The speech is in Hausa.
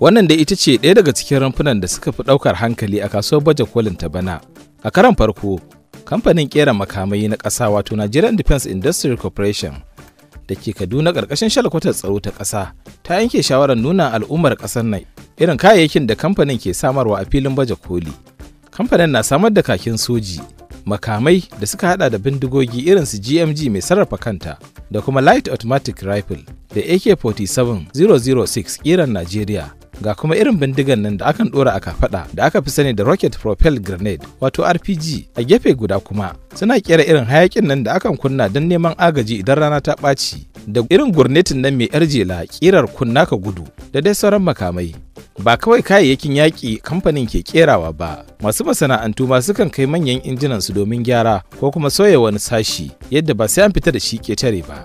Wannan da ita ce ɗaya daga cikin rumfunan da suka fi ɗaukar hankali a kasuwar baje kolin ta bana. A karan farko, kamfanin ƙera makamai na ƙasa wato Nigerian Defence Industrial Corporation da ke Kaduna ƙarƙashin shalkwatar tsaro ta ƙasa ta yanke shawarar nuna al'ummar ƙasar nan irin kayayyakin da kamfanin ke samarwa a filin baje koli. Kamfanin na samar da kakin soji, makamai da suka hada da bindigogi irin su GMG mai sarrafa kanta da kuma Light Automatic Rifle da AK-47 006 Najeriya ga kuma irin bindigan nan da akan dora a kafada da aka fi sani da rocket propel grenade wato rpg a gefe guda kuma suna kera irin hayakin nan da akan kunna don neman agaji idan rana ta ɓaci da irin gurnetin nan mai yarjela kirar kunna ka gudu da dai sauran makamai ba kawai kayayyakin yaƙi kamfanin ke kerawa ba masu masana'antu ma sukan kai manyan injinansu domin gyara ko kuma soya wani sashi yadda ba sai an fita da shi ketare ba.